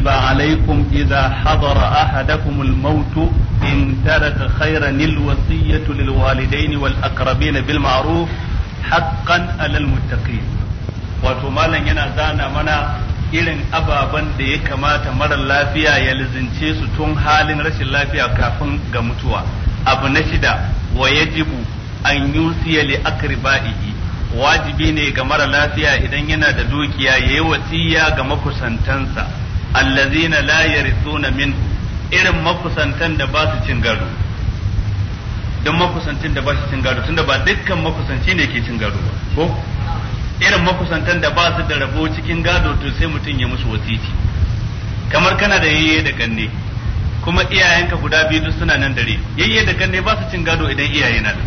كتب عليكم إذا حضر أحدكم الموت إن ترك خيرا الوصية للوالدين والأقربين بالمعروف حقا على المتقين وتمالا ينزعنا منا irin ababen da ya kamata mara lafiya ya lizince su tun halin rashin lafiya kafin ga mutuwa abu na shida wa yajibu an yusiya li akribaihi wajibi ne ga mara lafiya idan yana da dukiya ya yi wasiya ga makusantansa allazina la yarithuna min irin makusantan da ba su cin gado don makusantin da ba su cin gado tunda ba dukkan makusanci ne ke cin gado ba ko irin makusantan da ba su da rabo cikin gado to sai mutum ya musu wasiti kamar kana da yayye da kanne kuma iyayenka guda biyu duk suna nan dare yayye da kanne ba su cin gado idan iyaye na da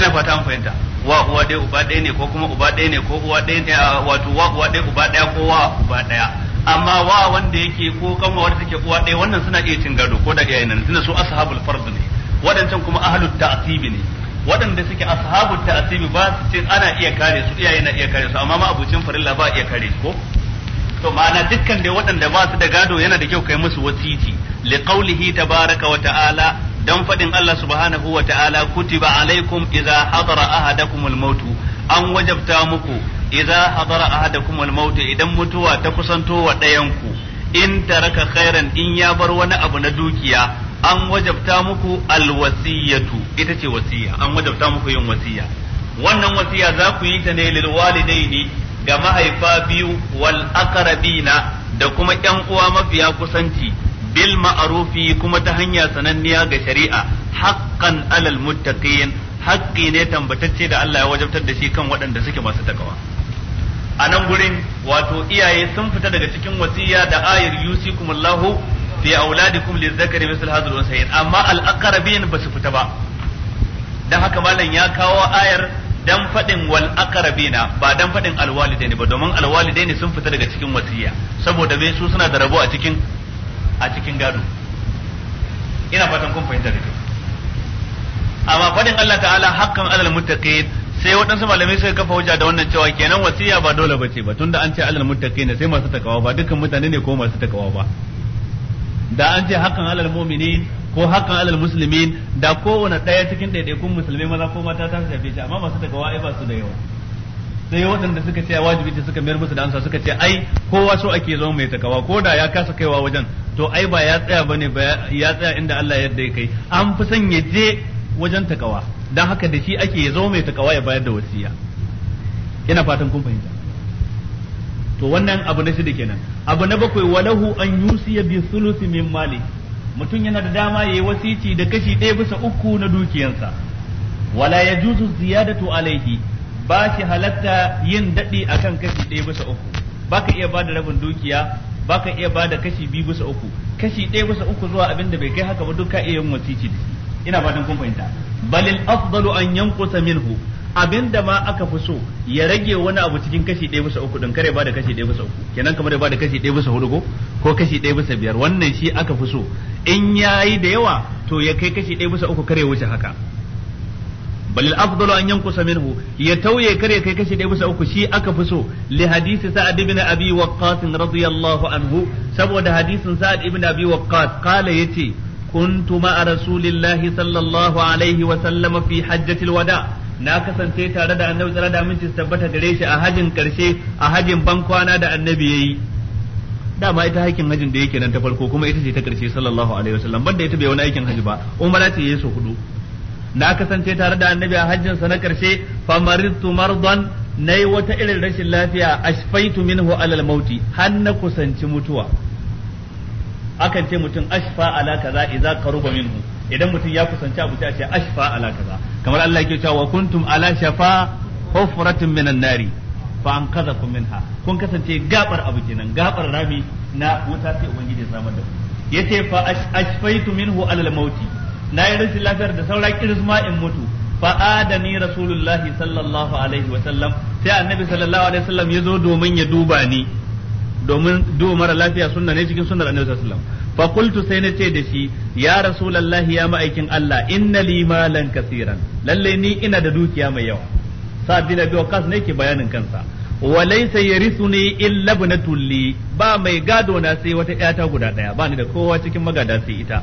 ina fata an fahimta wa uwa ɗaya uba ɗaya ne ko kuma uba ɗaya ne ko uwa ɗaya wato wa uwa ɗaya uba ɗaya ko wa uba ɗaya amma wa wanda yake ko kanwa wanda take uwa ɗaya wannan suna iya cin gado ko da iyayen nan suna su ashabul fard ne wadancan kuma ahlut ta'sib ne wadanda suke ashabul ta'sib ba su cin ana iya kare su iyaye na iya kare su amma ma abucin farilla ba iya kare ko to ma'ana dukkan dai waɗanda ba su da gado yana da kyau kai musu wasiti li qawlihi tabaraka wa ta'ala dan fadin Allah subhanahu wa ta'ala kutiba alaikum idza hadara ahadakumul maut an wajabta muku idza hadara ahadakum al-maut idan mutuwa ta kusanto wa ɗayan ku in taraka khairan in ya bar wani abu na dukiya an wajabta muku alwasiyatu ita ce wasiya an wajabta muku yin wasiya wannan wasiya za ku yi ta ne lil walidaini ga mahaifa biyu wal aqrabina da kuma ƴan uwa mafiya kusanci bil ma'rufi kuma ta hanya sananniya ga shari'a haqqan alal muttaqin haqqi ne tambatacce da Allah ya wajabtar da shi kan waɗanda suke masu takawa a nan gurin wato iyaye sun fita daga cikin wasiya da ayar Allahu fi auladikum lizakari misal hadhal unsayin amma al aqrabin ba su fita ba dan haka malam ya kawo ayar dan fadin wal aqrabina ba dan fadin al walidaini ba domin al walidaini sun fita daga cikin wasiya saboda bai su suna da rabo a cikin a cikin gado ina fatan kun fahimta da amma fadin Allah ta'ala haqqan alal muttaqin sai waɗansu malamai suka kafa hujja da wannan cewa kenan wasiya ba dole bace ba tunda an ce alal muttaqina sai masu takawa ba dukkan mutane ne ko masu takawa ba da an ce hakan alal mu'minin ko hakan alal muslimin da kowane ɗaya cikin ɗaiɗaikun musulmai maza ko mata ta shafe shi amma masu takawa ai ba su da yawa sai waɗanda suka ce wajibi ce suka mayar musu da amsa suka ce ai kowa so ake zama mai takawa ko da ya kasa kaiwa wajen to ai ba ya tsaya bane ba ya tsaya inda Allah ya yarda kai an fi son ya je wajen takawa don haka da shi ake ya zama mai takawa ya bayar da wasiya ina fatan kun fahimta to wannan abu na shida kenan abu na bakwai walahu an yusiya bi thuluthi min mali mutum yana da dama yayi wasici da kashi ɗaya bisa uku na dukiyansa wala yajuzu ziyadatu alaihi ba shi halatta yin daɗi akan kashi ɗaya bisa uku baka iya bada rabin dukiya baka iya bada kashi biyu bisa uku kashi ɗaya bisa uku zuwa abinda da bai kai haka ba duk ka iya yin wasici da shi ina fatan kun fahimta balil afdalu an yanqusa minhu abinda ma aka fi so ya rage wani abu cikin kashi ɗaya bisa uku don kare ba da kashi ɗaya bisa uku kenan kamar ya ba da kashi ɗaya bisa hudu ko kashi ɗaya bisa biyar wannan shi aka fi so in yayi da yawa to ya kai kashi ɗaya bisa uku kare wuce haka bal afdalu an yankusa minhu ya tauye kare kai kashi ɗaya bisa uku shi aka fi so li hadisi sa'ad ibn abi waqqas radiyallahu anhu saboda hadisin sa'ad ibn abi waqqas qala yace كنت مع رسول الله صلى الله عليه وسلم في حجة الوداع na kasance tare da annabi tsara da aminci tabbata gare shi a hajin karshe a hajin ban kwana da annabi yayi dama ita hakin hajin da yake nan ta farko kuma ita ce ta karshe sallallahu alaihi wasallam banda ita bai wani aikin haji ba umara ce yayi so hudu na kasance tare da annabi a hajjin sa na karshe famaritu mardan nayi wata irin rashin lafiya ashfaitu minhu alal mauti har na kusanci mutuwa akan ce mutum ashfa ala kaza idza qaruba minhu idan mutum ya kusanci abu sai a ce ashfa ala kaza kamar Allah yake cewa kuntum ala shafa hufratin minan nari fa anqadhakum minha kun kasance gabar abu kenan gabar rami na wuta sai ubangiji ya samar da ku yace fa ashfaitu minhu ala mauti na yi rashin lafiyar da saura kirisma in mutu fa adani rasulullahi sallallahu alaihi wa sallam sai annabi sallallahu alaihi wa sallam ya zo domin ya duba ni domin duhu mara lafiya sunna ne cikin sunnar annabi sallallahu alaihi wasallam fa sai na ce da shi ya rasulullahi ya ma'aikin Allah inna li malan kaseeran lalle ni ina da dukiya mai yawa sa'ad bin abi waqas ne ke bayanin kansa wa laysa yarisuni illa ibnatu li ba mai gado na sai wata yata guda daya ba ni da kowa cikin magada sai ita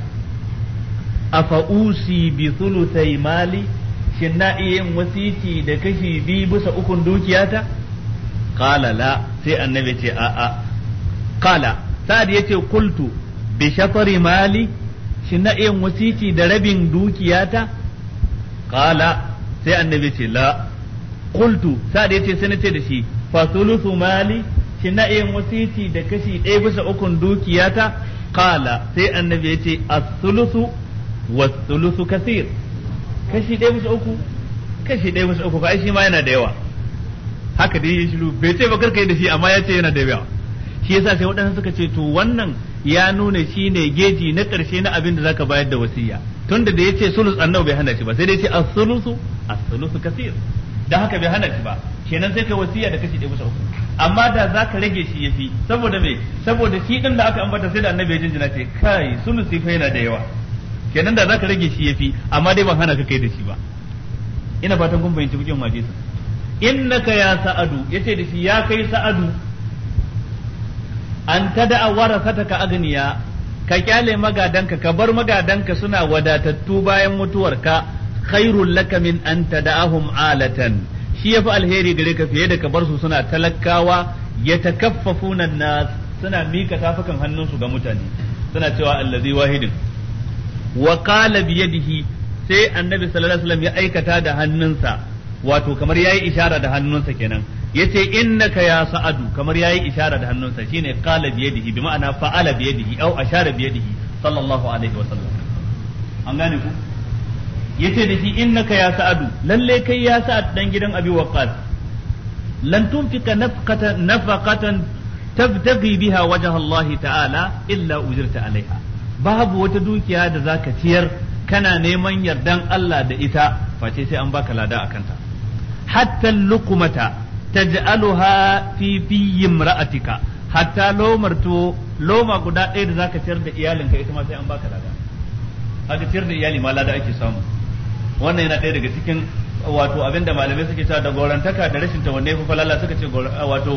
afa usi bi thuluthai mali shin na iya yin wasici da kashi biyu bisa ukun dukiyata qala la sai annabi ce a'a qala sa'ad ce kultu bi shafari mali shi na yin wasici da rabin dukiyata qala sai annabi ce la qultu sa'ad ce suna ce da shi fa thuluthu mali shi na yin wasici da kashi ɗaya bisa ukun dukiyata qala sai annabi ya yace as-thuluthu was-thuluthu kaseer kashi ɗaya bisa uku kashi ɗaya bisa uku fa shi ma yana da yawa haka dai ya shiru bai ce ba karka yi da shi amma ya ce yana da yawa shi yasa sai waɗansu suka ce to wannan ya nuna shi ne geji na ƙarshe na abin da zaka bayar da wasiya tunda da ya ce sulus annabi bai hana shi ba sai dai ce as-sulusu a sulusu kasir da haka bai hana shi ba kenan sai kai wasiya da kashi ɗaya bisa uku amma da zaka rage shi ya fi saboda me saboda shi din da aka ambata sai da annabi ya jinjina ce kai sulusi fa yana da yawa kenan da zaka rage shi ya fi amma dai ban hana ka kai da shi ba ina fatan kun fahimci bikin In innaka ya sa'adu yace da shi ya kai sa'adu an tada'a ka agniya ka kyale magadanka ka bar magadanka suna wadatattu bayan mutuwarka khairul laka min an tada'ahum alatan shi yafi alheri gare ka fiye da ka bar su suna talakawa yatakaffafuna nas suna mika tafukan hannunsu ga mutane suna cewa allazi wahidin wa qala bi yadihi sai annabi sallallahu alaihi wasallam ya aikata da hannunsa wato kamar yayi ishara da hannunsa kenan yace innaka ya sa'adu kamar yayi ishara da hannunsa shine qala bi yadihi bi ma'ana fa'ala bi yadihi aw ashara bi yadihi sallallahu alaihi wa sallam an gane ku yace da shi innaka ya sa'adu lalle kai ya sa'ad dan gidan abi waqas lan tunfika nafqatan nafaqatan tabtaghi biha wajha Allah ta'ala illa ujirta alaiha babu wata dukiya da zaka ciyar kana neman yardan Allah da ita face sai an baka lada akan ta hatta luqmata taj'aluha fi fi imra'atika hatta lomarto loma guda ɗaya da zaka ciyar da iyalinka ita ma sai an baka lada haka ciyar da iyali ma lada ake samu wannan yana ɗaya daga cikin wato abinda malamai suke cewa da gorantaka da rashin ta wanne yafi falala suka ce wato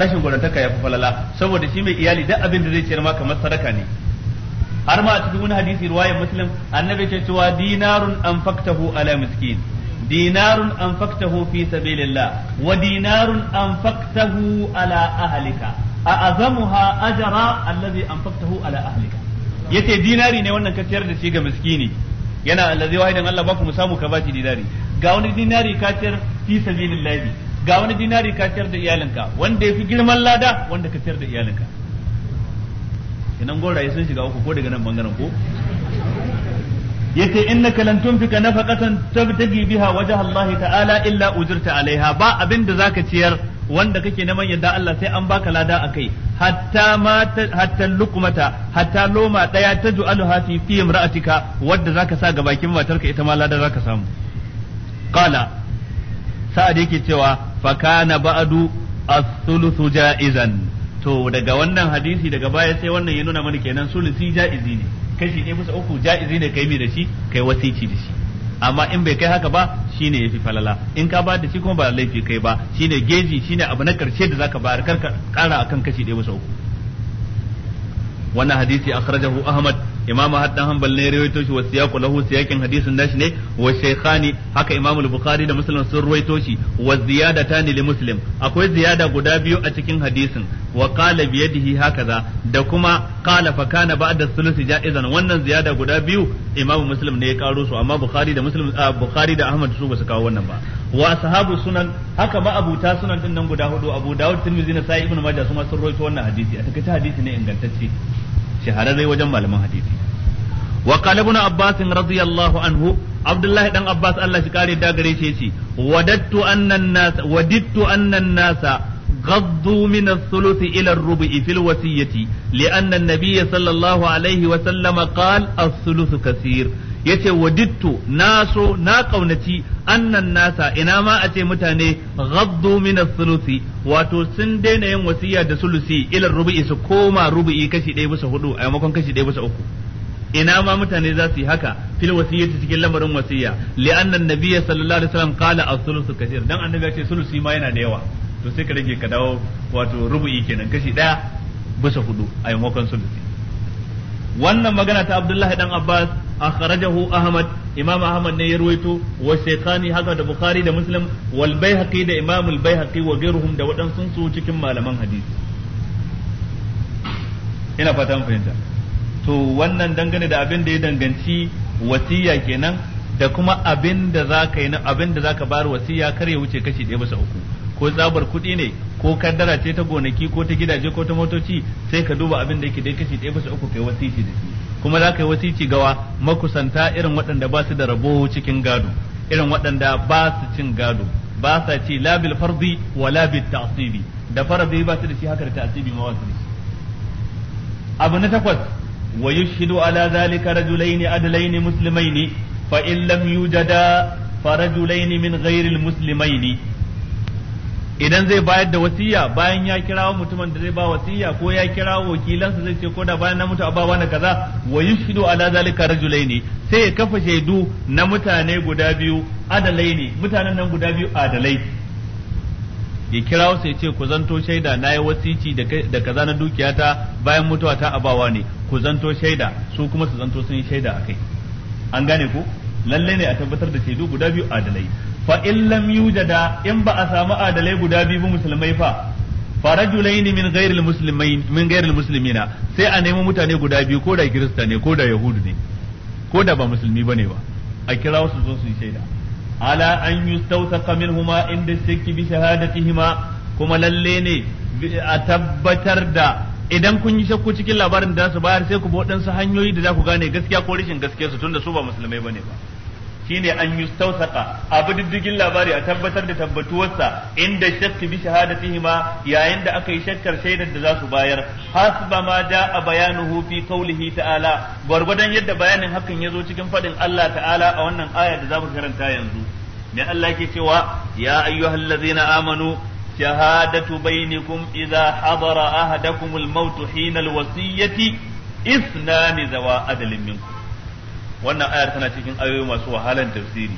rashin gorantaka yafi falala saboda shi mai iyali duk abin da zai ciyar ma kamar sadaka ne har ma a cikin wani hadisi riwayar musulun annabi ke cewa dinarun an anfaqtahu ala miskin dinarun anfaqtahu fi sabilillah wa dinarun anfaqtahu ala ahlika a azamuha ajra allazi anfaqtahu ala ahlika yace dinari ne wannan ka ciyar da shi ga miskini yana allazi wahidan Allah ba ku mu samu ka bashi dinari ga wani dinari ka ciyar fi sabilillah ga wani dinari ka ciyar da iyalinka wanda yafi girman lada wanda ka ciyar da iyalinka kenan goraye sun shiga uku ko daga nan bangaren ko yace innaka lan tunfika nafaqatan tabtagi biha wajha Allah ta'ala illa ujirta alaiha ba abin da zaka ciyar wanda kake neman yadda Allah sai an baka lada akai hatta hata hatta lukumata hatta loma daya jualu hafi fi imra'atika wanda zaka sa ga bakin matarka ita ma lada zaka samu qala sa'ad yake cewa fa kana ba'du as-thuluthu ja'izan to daga wannan hadisi daga baya sai wannan ya nuna mana kenan sulusi ja'izi ne kashi ɗaya bisa uku ja'izi ne kai mai da shi kai wasici da shi amma in bai kai haka ba shine yafi falala in ka ba da shi kuma ba laifi kai ba shine geji shine abu na karshe da zaka bayar karka kara akan kashi ɗaya bisa uku wannan hadisi akhrajahu ahmad imamu haddan hanbal ne rawaito shi wa siyaqu lahu siyakin hadisin nashi ne wa shaykhani haka imamu bukhari da muslim sun rawaito shi wa ta li muslim akwai ziyada guda biyu a cikin hadisin wa qala bi yadihi hakaza da kuma qala fa kana ba'da su ja'izan wannan ziyada guda biyu imamu muslim ne ya karo su amma bukhari da muslim ah, bukhari da ahmad su basu kawo wannan ba wa sahabu sunan haka ma abuta sunan din nan guda hudu abu dawud tirmidhi na sai ibnu majah su ma sun rawaito wannan hadisi a takaice hadisi ne ingantacce shahararre wajen malaman hadisi wa qala ibn abbas radiyallahu anhu abdullah dan abbas Allah shi kare da gare shi yace wadattu anna an-nas wadattu anna an-nasa غضوا من الثلث إلى الربع في الوصية لأن النبي صلى الله عليه وسلم قال الثلث كثير yace wadittu na so na kaunaci annan nasa ina ma a ce mutane ghaddu min sulusi wato sun daina yin wasiya da sulusi ila rubu'i su koma rubu'i kashi ɗaya bisa hudu a maimakon kashi ɗaya bisa uku ina ma mutane za su yi haka fil wasiyyati cikin lamarin wasiya li anna nabiyya sallallahu alaihi wasallam qala as-sulusu kaseer dan annabi ya ce sulusi ma yana da yawa to sai ka rage ka dawo wato rubu'i kenan kashi daya bisa hudu a yamakon sulusi wannan magana ta Abdullahi dan Abbas a kharajahu Ahmad Imam Ahmad ne ya ruwaito wa Shaykhani haka da Bukhari da Muslim wal Baihaqi da Imam al Baihaqi wa ghairuhum da waɗansu su cikin malaman hadisi ina fata mun fahimta to wannan dangane da abin da ya danganci wasiya kenan da kuma abin da za ka yi abin da za ka bayar wasiya kar ya wuce kashi ɗaya bisa uku ko tsabar kuɗi ne ko kaddara ce ta gonaki ko ta gidaje ko ta motoci sai ka duba abin da yake dai kashi ɗaya bisa uku kai wasici da shi kuma za ka yi wasici gawa makusanta irin waɗanda ba su da rabo cikin gado irin waɗanda ba su cin gado ba sa ci labil fardi wa labil ta'sibi da faradi ba su da shi haka da ta'sibi ma wasu abu na takwas wa yushhidu ala zalika rajulaini adlaini muslimaini fa in lam yujada min من غير muslimaini idan zai bayar da wasiya bayan ya kirawo mutumin da zai ba wasiya ko ya kirawo wakilansa zai ce ko da bayan na mutu a bawa na kaza wa yushhidu ala zalika rajulaini sai ya kafa shaidu na mutane guda biyu adalai ne mutanen nan guda biyu adalai ya kirawo sai ce ku zanto shaida na yi wasici da kaza na dukiyata bayan mutuwa ta abawa ne ku zanto shaida su kuma su zanto sun yi shaida akai an gane ko lallai ne a tabbatar da shaidu guda biyu adalai fa in lam yujada in ba a samu adalai guda biyu musulmai fa farajulain min ghairi muslimin min ghairi muslimina sai a nemi mutane guda biyu ko da kirista ne ko da yahudu ne ko da ba musulmi bane ba a kira su zo su yi shaida ala an yustawsaqa minhuma inda shakki bi shahadatihima kuma lalle ne a tabbatar da idan kun yi shakku cikin labarin da su bayar sai ku bi waɗansu hanyoyi da za ku gane gaskiya ko rashin gaskiya su tunda su ba musulmai bane ba shine an yustawsaqa a diddigin labari a tabbatar da tabbatuwarsa inda shakki bi hima yayin da aka yi shakkar shaidar da za su bayar hasba ma a bayanuhu fi qawlihi ta'ala gwargwadon yadda bayanin hakan ya zo cikin fadin Allah ta'ala a wannan aya da za karanta yanzu me Allah yake cewa ya ayyuhallazina amanu shahadatu بينكم إذا حضر ahadakumul الموت حين الوصية zawa ذوا عدل منكم wannan ayar tana cikin ayoyi masu wahalan tafsiri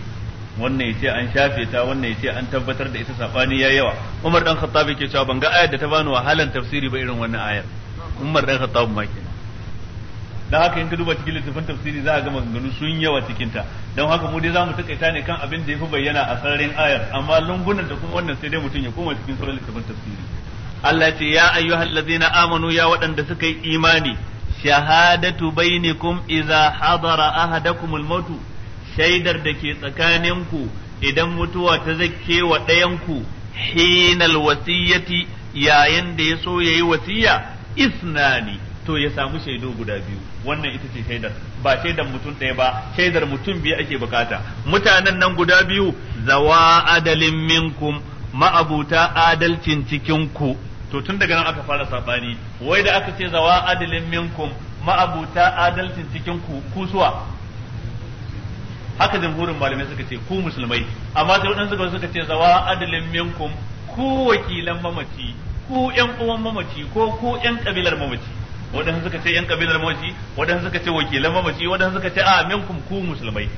wannan yace an shafe ta wannan yace an tabbatar da ita sabani ya yawa Umar dan Khattab yake cewa ban ga ayar da ta bani wahalan tafsiri ba irin wannan ayar Umar dan Khattab ma ke. dan haka in ka duba cikin littafin tafsiri za a ga maganganu sun yawa cikin ta don haka mu dai za mu takaita ne kan abin da ya fi bayyana a sararin ayar amma lungunan da kuma wannan sai dai mutun ya koma cikin sauran littafin tafsiri Allah ce ya ayyuhal ladzina amanu ya waɗanda suka yi imani shahadatu bainakum idza hadara ahadakum al shaidar da ke tsakaninku idan mutuwa ta zakke wa ɗayanku hinal wasiyyati yayin da ya so yayi wasiya isnani to ya samu shaidu guda biyu wannan ita ce shaidar ba shaidar mutum ɗaya ba shaidar mutum biyu ake bukata mutanen nan guda biyu zawa adalin minkum ma'abuta adalcin cikinku ku to tun daga nan aka fara sabani wai da aka ce zawa adalin minkum ma'abuta adalcin cikin ku kusuwa haka jamhurin malamai suka ce ku musulmai amma sai wadansu suka suka ce zawa adalin minkum ku wakilan mamaci ku yan uwan mamaci ko ku yan kabilar mamaci wadansu suka ce yan kabilar mamaci wadansu suka ce wakilan mamaci wadansu suka ce a minkum ku musulmai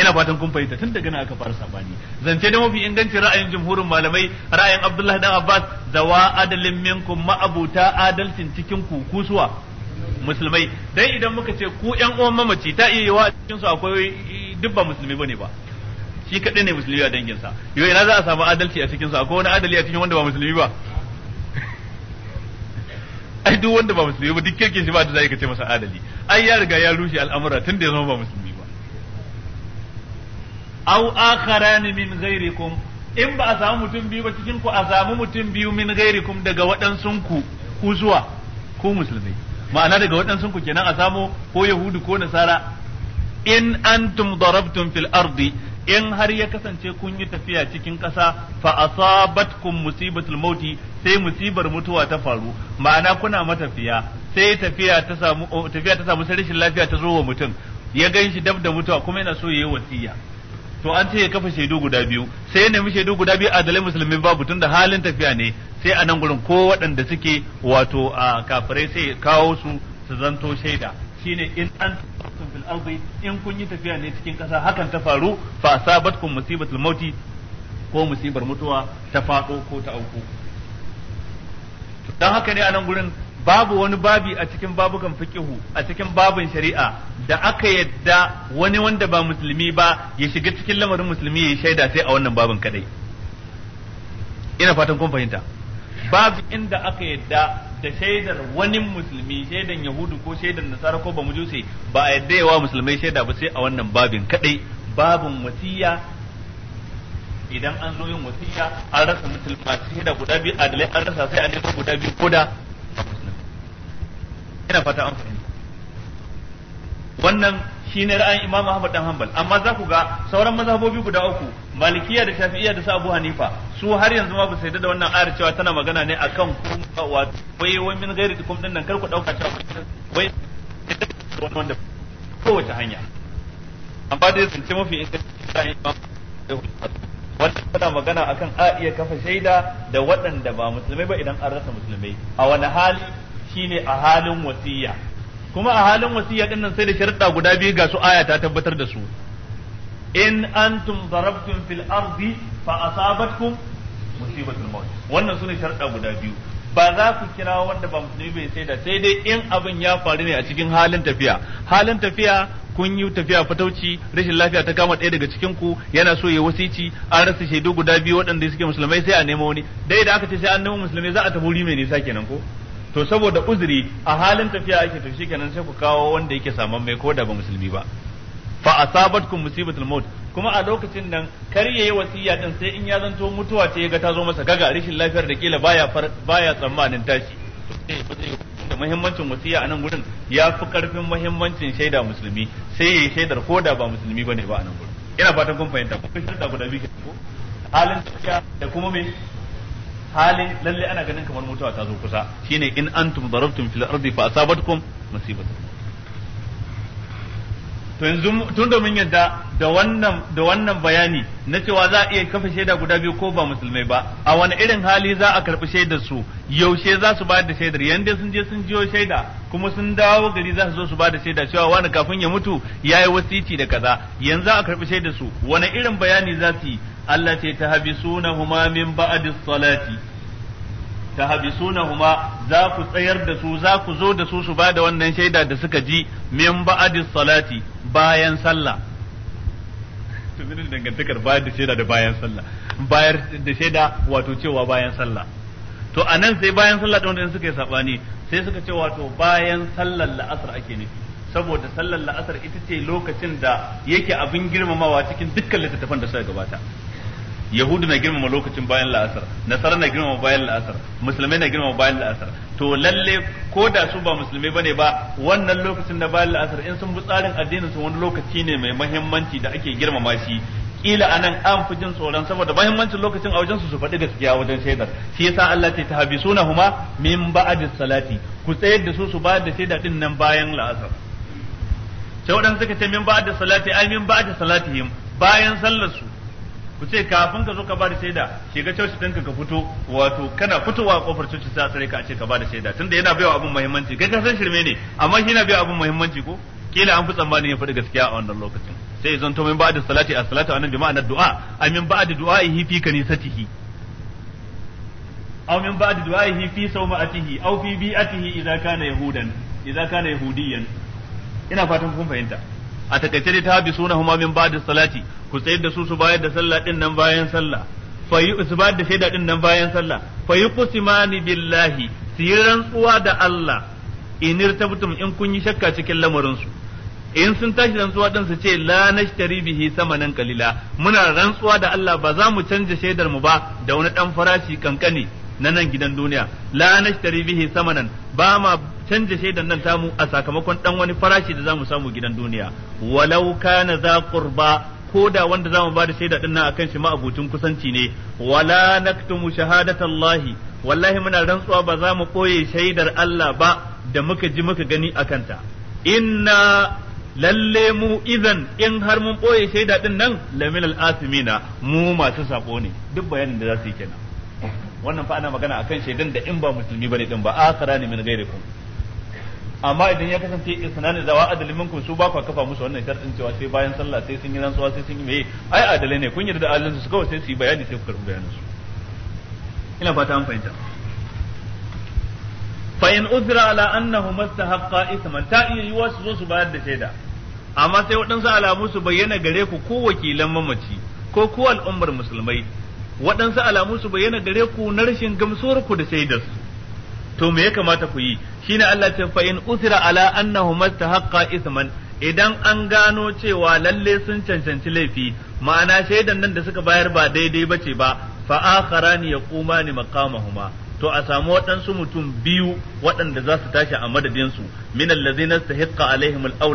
ina fatan kun fahimta tun daga nan aka fara sabani zance da mafi inganci ra'ayin jumhurin malamai ra'ayin Abdullahi dan Abbas zawa adalin minkum ma'abuta adalcin cikin ku kusuwa musulmai dan idan muka ce ku ƴan uwan mamaci ta iya yawa cikin su akwai duk ba musulmi bane ba shi kadai ne musulmi a dangin sa yo ina za a samu adalci a cikin su akwai wani adali a cikin wanda ba musulmi ba ai duk wanda ba musulmi ba duk kirkin shi ba da zai ka ce masa adali ai ya riga ya rushe al'amura tun da ya zama ba musulmi aw akharan min ghairikum in ba a samu mutum biyu ba cikin ku a samu mutum biyu min ghairikum daga waɗansun ku ku zuwa ku musulmai ma'ana daga waɗansun ku kenan a samu ko yahudu ko nasara in antum darabtum fil ardi in har ya kasance kun yi tafiya cikin ƙasa fa asabatkum musibatul mauti sai musibar mutuwa ta faru ma'ana kuna matafiya sai tafiya ta samu tafiya ta samu sai rashin lafiya ta zo wa mutum ya ganshi dab da mutuwa kuma yana so yayi wasiya to an ce ya kafa shaidu guda biyu sai ya nemi shaidu guda biyu adalai musulmi babu da halin tafiya ne sai a nan gurin ko waɗanda suke wato a kafirai sai kawo su su zanto shaida shine in an fil ardi in kun yi tafiya ne cikin ƙasa hakan ta faru fa kun musibatul mauti ko musibar mutuwa ta faɗo ko ta auku don haka ne a nan gurin babu wani babi a cikin babukan fiqihu a cikin babin shari'a da aka yadda wani wanda ba musulmi ba ya shiga cikin lamarin musulmi ya shaida sai a wannan babin kadai ina fatan kun fahimta babu inda aka yadda da shaidar wani musulmi shaidan yahudu ko shaidan nasara ko ba mujuse ba a yadda yawa musulmai shaida ba sai a wannan babin kadai babin wasiya idan an zo yin wasiya an rasa musulma shaida guda biyu adalai an rasa sai an nemo guda biyu ko da. ina fata an fahimta wannan shi ne ra'ayin Imam Ahmad dan Hanbal amma za ku ga sauran mazhabobi guda uku Malikiya da Shafi'iyya da su Abu Hanifa su har yanzu ma ba su yarda da wannan ayar cewa tana magana ne akan kun wato wai wai min gairi kum din nan kar ku dauka cewa wai wanda kowace hanya amma dai ce mafi inganci wannan tana magana akan a iya kafa shaida da waɗanda ba musulmai ba idan an rasa musulmai a wani hali shine a halin wasiya kuma a halin wasiya din nan sai da sharuɗa guda biyu ga su aya ta tabbatar da su in antum darabtum fil ardi fa asabatkum musibatul maut wannan sune sharuɗa guda biyu ba za ku kira wanda ba musulmi bai sai da sai dai in abin ya faru ne a cikin halin tafiya halin tafiya kun yi tafiya fatauci rashin lafiya ta kama ɗaya daga cikin ku yana so ya wasici an rasa shaidu guda biyu waɗanda suke musulmai sai a nemo wani dai da aka ce sai an nemo musulmai za a tafi wuri mai nisa kenan ko to saboda uzuri a halin tafiya ake to shikenan sai ku kawo wanda yake saman mai ko da ba musulmi ba fa asabatkum musibatul maut kuma a lokacin nan kar yayi wasiya din sai in ya zanto mutuwa ce ga ta zo masa gaga rishin lafiyar da kila baya baya tsammanin tashi eh, da muhimmancin wasiya a nan gurin ya fi karfin muhimmancin shaida musulmi sai yayi shaidar ko da ba musulmi bane ba a nan gurin ina fatan kun fahimta kun shaida guda biyu halin tafiya da kuma me halin lalle ana ganin kamar mutuwa ta zo kusa shine in antum darabtum fil ardi fa asabatkum musibatu to yanzu tun da yadda da wannan da wannan bayani na cewa za a iya kafa shaida guda biyu ko ba musulmai ba a wani irin hali za a karbi shaidar su yaushe za su bayar da shaidar yanda sun je sun jiyo shaida kuma sun dawo gari za su zo su ba da shaida cewa wani kafin ya mutu ya yi wasiti da kaza yanzu a karbi shaidar su wani irin bayani za su yi allati tahbisunahuma min ba'di salati tahbisunahuma za ku tsayar da su za ku zo da su su bada wannan shaida da suka ji min ba'di salati bayan sallah to min dangantakar bayar da shaida da bayan sallah bayar da shaida wato cewa bayan sallah to anan sai bayan sallah din wanda suka yi sabani sai suka ce wato bayan sallar la'asar ake nufi saboda sallar la'asar ita ce lokacin da yake abin girmamawa cikin dukkan littattafan da suka gabata yahudu na girmama lokacin bayan la'asar nasara na girmama bayan la'asar musulmai na girmama bayan la'asar to lalle ko da su ba musulmai bane ba wannan lokacin na bayan la'asar in sun bi tsarin addinin su wani lokaci ne mai mahimmanci da ake girmama shi kila anan an fi jin tsoron saboda mahimmancin lokacin a wajen su su faɗi gaskiya wajen shaidar shi yasa Allah ce suna huma min ba'di salati ku tsayar da su su bayar da shaida din nan bayan la'asar sai waɗanda suka ce min ba'di salati ai min ba'di salatihim bayan sallar su ku ce kafin ka zo ka bada shaida shiga coci ɗinka ka fito wato kana fitowa a kofar coci sai a tsare ka a ce ka bada shaida tunda yana wa abin muhimmanci kai ka san shirme ne amma shi yana baiwa abin muhimmanci ko kila an fi tsammanin ya faɗi gaskiya a wannan lokacin sai ya zanto min ba'da salati a salatu anan jama'a na du'a a min du'a yi fi kanisatihi aw min ba'da du'a'ihi fi sawma'atihi aw fi bi'atihi idza kana yahudan idza kana yahudiyan ina fatan kun fahimta a takaice dai huma min ba'da salati ku tsayar da su su bayar da sallah din nan bayan sallah fa yi su bayar da shaida din nan bayan sallah fa yi qusimani billahi su yi rantsuwa da Allah in irtabtum in kun yi shakka cikin lamarin su in sun tashi rantsuwa din su ce la nashtari bihi samanan kalila muna rantsuwa da Allah ba za mu canja shaidar mu ba da wani dan farashi kankani na nan gidan duniya la nashtari bihi samanan ba ma canja shaidan nan tamu a sakamakon dan wani farashi da zamu samu gidan duniya walau kana za qurba ko da wanda zamu ba da shaida din nan akan shi ma kusanci ne wala naktumu shahadatallahi wallahi muna rantsuwa ba za mu koye shaidar Allah ba da muka ji muka gani a kanta. inna lalle mu idan in har mun boye shaida din nan laminal asimina mu masu sako ne duk bayanin da za su yi kenan wannan fa ana magana akan shaidan da in ba musulmi bane din ba akhara ne min ghairikum amma idan ya kasance isnani zawa adalin minkum su ba ku kafa musu wannan shartin cewa sai bayan sallah sai sun yi rantsuwa sai sun yi meye ai adalai ne kun yarda da adalin su kawai sai su yi bayani sai ku karbi bayanin su ina fata an fahimta fa in uzra ala annahu mastahaqqa ithman ta iya yiwa su zo su bayar da shaida amma sai waɗansu alamu su bayyana gare ku ko wakilan mamaci ko ku al'ummar musulmai waɗansu alamu su bayyana gare ku na rashin gamsuwar ku da shaidar su to me ya kamata ku yi shine Allah ta fa in usira ala annahu mastahaqqa isman idan an gano cewa lalle sun cancanci laifi ma'ana shaidan nan da suka bayar ba daidai bace ba fa akharani yaqumani maqamahuma to a samu waɗansu mutum biyu waɗanda za su tashi a madadinsu min allazina stahiqqa alaihim al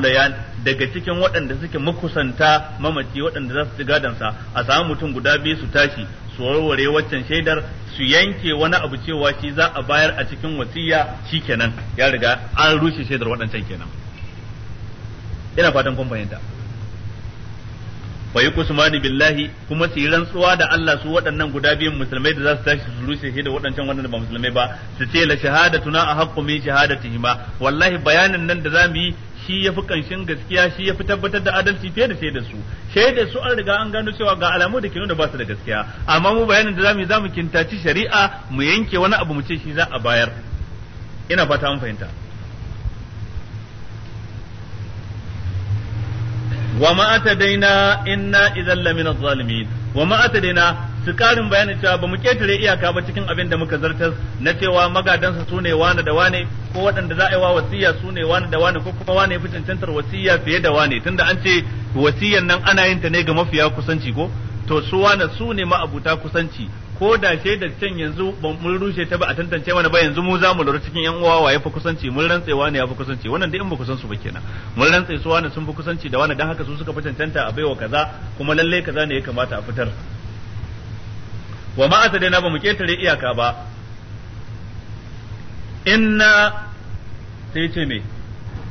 daga cikin waɗanda suke makusanta mamaci waɗanda za su ci gadansa a samu mutum guda biyu su tashi su warware waccan shaidar su yanke wani abu cewa shi za a bayar a cikin wasiya shikenan ya riga an rushe shaidar waɗancan kenan ina fatan kun fahimta fa yuqsimani billahi kuma su yi rantsuwa da Allah su waɗannan guda biyun musulmai da za su tashi su rushe shi da waɗancan waɗanda ba musulmai ba su ce la shahadatuna ahaqqu min shahadatihima wallahi bayanin nan da mu yi shi fi kanshin gaskiya shi fi tabbatar da adalci fiye da shaidar su shaidar su an riga an gano cewa ga alamu da ke da ba su da gaskiya amma mu bayanin da zamu yi mu kintaci shari'a mu yanke wani abu mu ce shi za a bayar ina fata an fahimta wa ma atadaina inna لمن lamina وما wa ma su karin bayanin cewa ba mu ketare iyaka ba cikin abin da muka zartar na cewa magadansa su ne wane da wane ko waɗanda za a yi wa wasiya su ne wane da wane ko kuma wane fi cancantar wasiya fiye da wane tunda an ce wasiyan nan ana yin ta ne ga mafiya kusanci ko to su wane su ne ma'abuta kusanci ko da da can yanzu mun rushe ta ba a tantance mana ba yanzu mu za mu lura cikin yan uwa waye fa kusanci mun rantsewa wani ya fi kusanci wannan dai in ba kusan su ba kenan mun rantse su wani sun fi kusanci da wani dan haka su suka fi cancanta a baiwa kaza kuma lalle kaza ne ya kamata a fitar wa ma na ba mu ketare iyaka ba inna sai ce me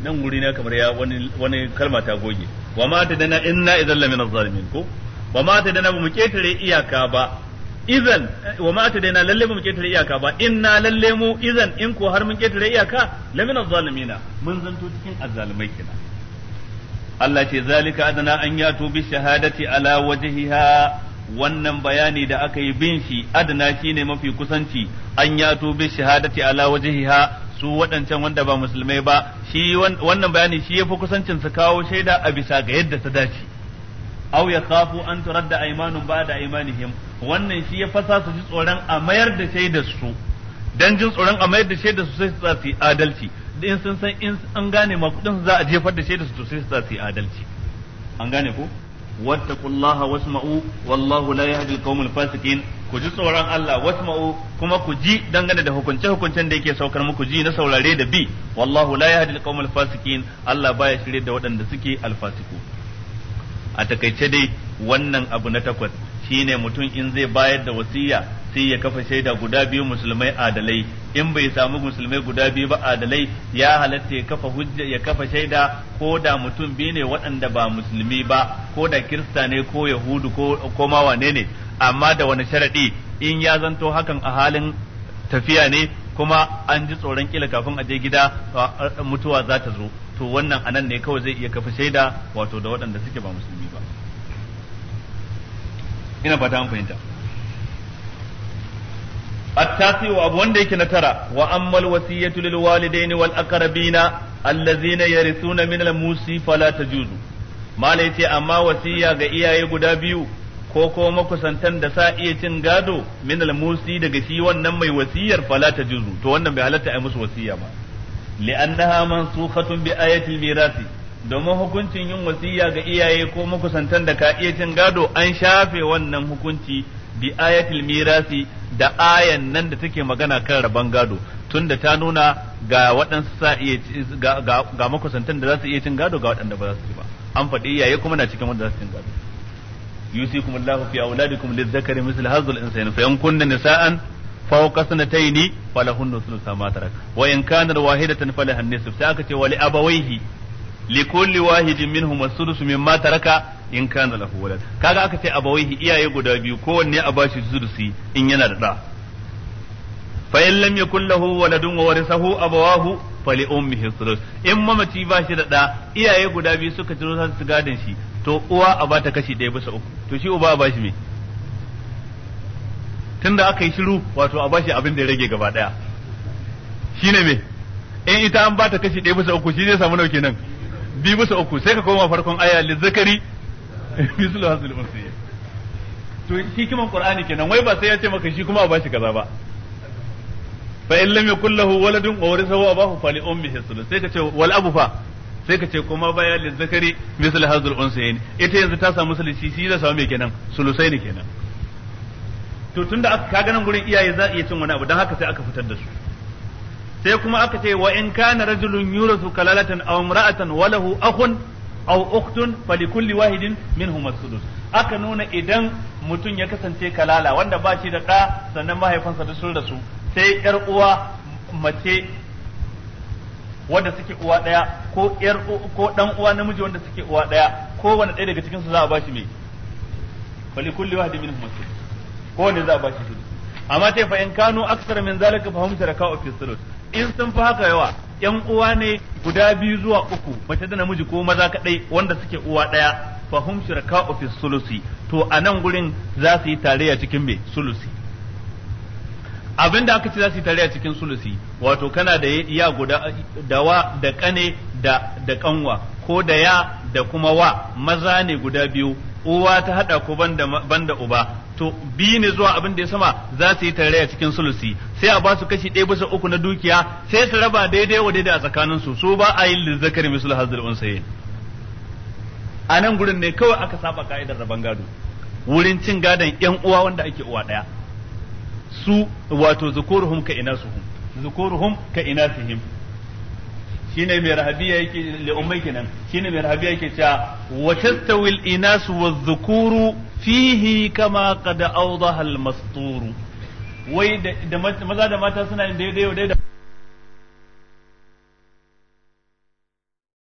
nan wuri na kamar ya wani wani kalma ta goge wa ma asadina inna idan lamina zalimin ko wa ma asadina ba mu ketare iyaka ba idan wa ma ta daina lalle mu ketare iyaka ba inna lalle mu idan in ko har mun ketare iyaka lamin zalimina mun zanto cikin azzalimai kina Allah ce zalika adana an yato bi shahadati ala wajhiha wannan bayani da aka yi bin shi adana shine mafi kusanci an yato bi shahadati ala wajhiha su waɗancan wanda ba musulmai ba shi wannan bayani shi yafi kusancin su kawo shaida a bisa ga yadda ta dace aw yakhafu an turadda aymanun ba'da aymanihim wannan shi ya fasa su ji tsoron a mayar da shaidar su dan jin tsoron a mayar da shaidar su sai su tsasi adalci in sun san in an gane makudin za a jefar da shaidar su to sai su tsasi adalci an gane ko واتقوا الله واسمعوا والله لا يهدي القوم الفاسقين ku ji tsoron Allah wasma'u kuma ku ji dangane da hukunce hukuncen da yake saukar muku ji na saurare da bi wallahu la yahdi al-qawmal fasiqin Allah baya shirye da waɗanda suke al-fasiqun a takaice dai wannan abu na takwas shine mutum in zai bayar da wasiya sai ya kafa shaida guda biyu musulmai adalai in bai samu musulmai guda biyu ba adalai ya halatta ya kafa hujja ya kafa shaida ko da mutum biyu ne waɗanda ba musulmi ba ko da kirista ne ko yahudu ko ko ma wane ne amma da wani sharaɗi in ya zanto hakan a halin tafiya ne kuma an ji tsoron kila kafin a je gida mutuwa za ta zo Wannan anan ne kawai zai iya kafa shaida wato da waɗanda suke ba sun yi bifa. ba ta amfani ta. A tasi'o abu wanda yake natara wa'amal wasiyya tulul walidaini wal'aka rabi na Allah zina ya risu na min lmusi fala ta jizu. Malachi amma wasiya ga iyaye guda biyu ko kuma kusantan da sa iya cin gado min lmusi daga shi wannan mai wasiyar fala ta To wannan bai halarta ina musu wasiya ba. لأنها mansukhatun بآية الميراث mirasi domin hukuncin yin wasiya ga iyaye ko makusantan da ka iya cin gado an shafe wannan hukunci bi ayatil mirasi da ayan nan da take magana kan rabon gado tunda ta nuna ga waɗansu sa iya ga makusantan da za su iya cin gado ga waɗanda ba za su ci ba an faɗi iyaye kuma na cikin wanda za su cin gado yusikum Allahu fi auladikum lizzakari misl hadhul insani fa in kunna nisa'an fawqa sanataini falahunna thulutha ma tarak wa in kana wahidatan falahan nisf sai aka ce wa li abawayhi li kulli wahidin minhum as-sudus mimma taraka in kana lahu walad kaga aka ce abawaihi iyaye guda biyu kowanne a bashi zursi in yana da da fa in lam yakul lahu waladun wa warisahu abawahu fali ummihi thuluth in mamaci ba bashi da da iyaye guda biyu suka ciro su gadin shi to uwa a bata kashi daya bisa uku to shi uba a bashi me tunda aka yi shiru wato a bashi abin da ya rage gaba daya ne me in ita an ba ta kashi ɗaya bisa uku shi zai samu nauke nan biyu bisa uku sai ka koma farkon aya li zakari mislu hasil unsi to kiman qur'ani kenan wai ba sai ya ce maka shi kuma a bashi kaza ba fa in lam yakul lahu waladun wa warithahu abahu fali ummihi thuluth sai ka ce wal abu fa sai ka ce kuma baya li zakari mislu hasil unsi ita yanzu ta samu sulusi shi zai samu me kenan sulusai ne kenan to tunda aka kaga nan gurin iyaye za iya cin wani abu dan haka sai aka fitar da su sai kuma aka ce wa in kana rajulun yurasu kalalatan aw imra'atan wa lahu akhun aw ukhtun falikulli wahidin minhum as-sudus aka nuna idan mutum ya kasance kalala wanda ba shi da da sannan mahaifansa da sun rasu sai yar uwa mace wanda suke uwa ɗaya ko yar ko dan uwa namiji wanda suke uwa ɗaya ko ɗaya daga cikin su za a ba shi me falikulli wahidin minhum as-sudus ko wanda za a bashi shi amma sai fa in kanu aksar min zalika fa hum shuraka fi sulus in sun fi haka yawa ƴan uwa ne guda biyu zuwa uku mace da namiji ko maza kadai wanda suke uwa daya fa hum shiraka fi sulusi to a nan gurin za su yi tarayya cikin me sulusi abin da aka ce za su yi tarayya cikin sulusi wato kana da ya guda da wa da kane da da kanwa ko da ya da kuma wa maza ne guda biyu uwa ta hada ko banda banda uba to biyu ne zuwa abin da ya sama za su yi tarayya cikin sulusi sai a ba su kashi ɗaya bisa uku na dukiya sai su raba daidai wa daidai a tsakanin su su ba a yi lizzakar misul hazil saye. a nan gurin ne kawai aka saba ka'idar rabon gado wurin cin gadon yan uwa wanda ake uwa ɗaya su wato zukuruhum ka ina inasuhum zukuruhum ka ina inasihim shine mai rahabiya yake li ummai kenan shine mai rahabiya yake cewa wa tastawi al inas wa dhukuru fihi kama qad awdaha al masturu wai da maza da mata suna dai daidai